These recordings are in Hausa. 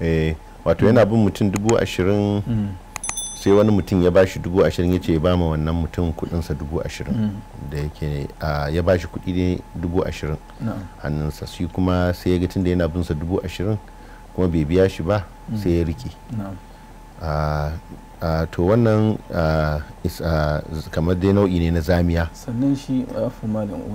Eh, wato yana bin mutum dubu ashirin sai wani mutum ya bashi dubu ashirin ya ce ya bama wannan mutum kudinsa dubu ashirin mm. da yake ya bashi kudi ne dubu ashirin hannunsa shi kuma sai ya ga tun da yana sa dubu ashirin kuma bai biya shi ba mm. sai ya rike to wannan kamar dai nau'i ne na zamiya sannan shi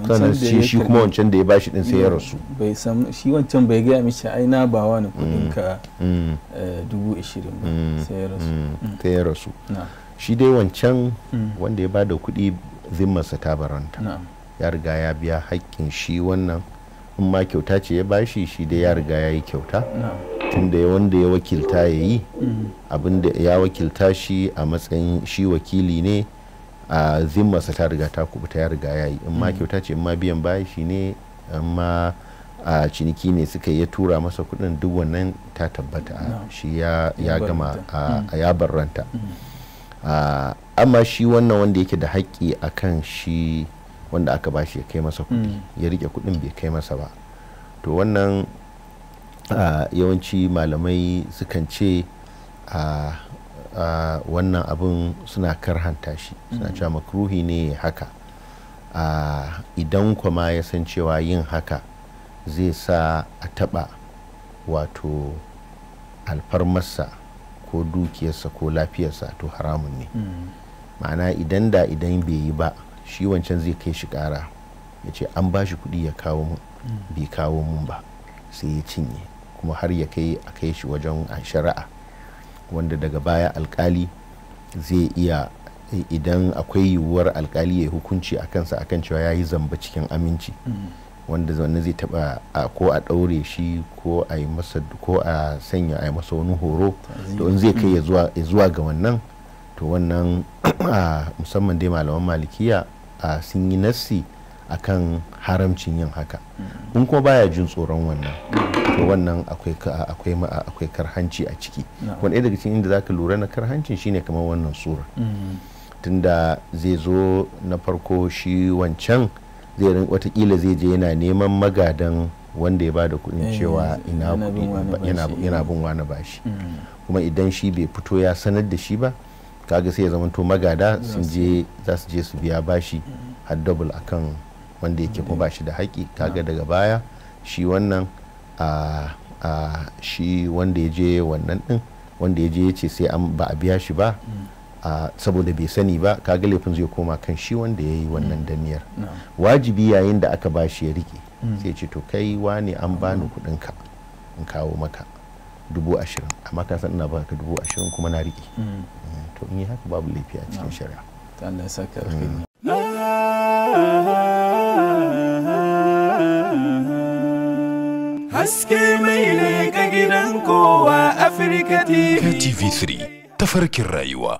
sannan shi shi kuma wancan da ya bashi din sai ya rasu bai shi wancan bai gaya mishi ai na ba wani mm, kudin ka mm. eh, dubu ashirin ba mm, sai ya rasu sai ya rasu shi dai wancan wanda ya bada kuɗi zimmarsa ta baranta ya riga ya biya haƙƙin shi wannan in ma kyauta ce ya bashi shi dai ya riga ya yi kyauta tunda da wanda ya wakilta ya yi abinda ya wakilta shi a matsayin shi wakili ne a sa ta riga ta kubuta ya riga ya yi in ma mm. kyauta ce in ma biyan bashi ne in ma a ciniki ne suka ya tura masa kudin duk wannan ta tabbata shi ya gama mm. ya barranta mm. amma shi wannan wanda yake da haƙƙi a kan shi wanda aka bashi ya kai masa kudi ya rike kudin bai kai masa ba to wannan yawanci malamai sukan ce wannan abin suna karhanta shi suna mm. cewa makruhi ne haka idan kuma ya san cewa yin haka zai sa a taɓa wato alfarmarsa ko dukiyarsa ko lafiyarsa to haramun ne mm. ma'ana idan da idan bai yi ba shi wancan zai kai shi kara ya ce an ba shi kuɗi ya kawo mun mm. bai kawo mun ba sai ya cinye kuma har ya kai a kai shi wajen shari'a wanda daga baya alkali zai iya idan akwai yiwuwar alkali ya yi hukunci a kansa akan cewa ya yi zamba cikin aminci wanda zaune zai taba ko a ɗaure shi ko a yi masa ko a sanya a yi masa wani horo to in zai kai mm. ya zuwa ga wannan to wannan musamman dai malaman malikiya sun yi nassi akan haramcin yin haka in kuma baya jin tsoron wannan to wannan akwai akwai akwai karhanci a ciki wani daga cikin inda zaka lura na karhancin shine kamar wannan sura mm-hmm. tunda zai zo na farko shi wancan zai watakila zai je yana neman magadan wanda ya ba da kudin eh, cewa yana bin wani bashi mm-hmm. kuma idan shi bai fito ya sanar da shi ba kaga sai ya zama to magada sun je za su je su biya bashi mm-hmm. har double akan wanda yake kuma ba shi da haƙi kaga daga baya shi wannan shi wanda ya je wannan din wanda ya je ya ce sai an ba a biya shi ba saboda bai sani ba kaga laifin zai koma kan shi wanda ya yi wannan mm. daniyar wajibi yayin da aka ba shi ya rike mm. sai ce to kai wani an bani mm. kuɗin ka in kawo maka dubu ashirin amma ka san ina baka dubu ashirin kuma na rike to in yi haka babu laifi a cikin shari'a Allah ya saka haske mai leƙa gidan kowa Afirka TV. KTV3 tafarkin rayuwa.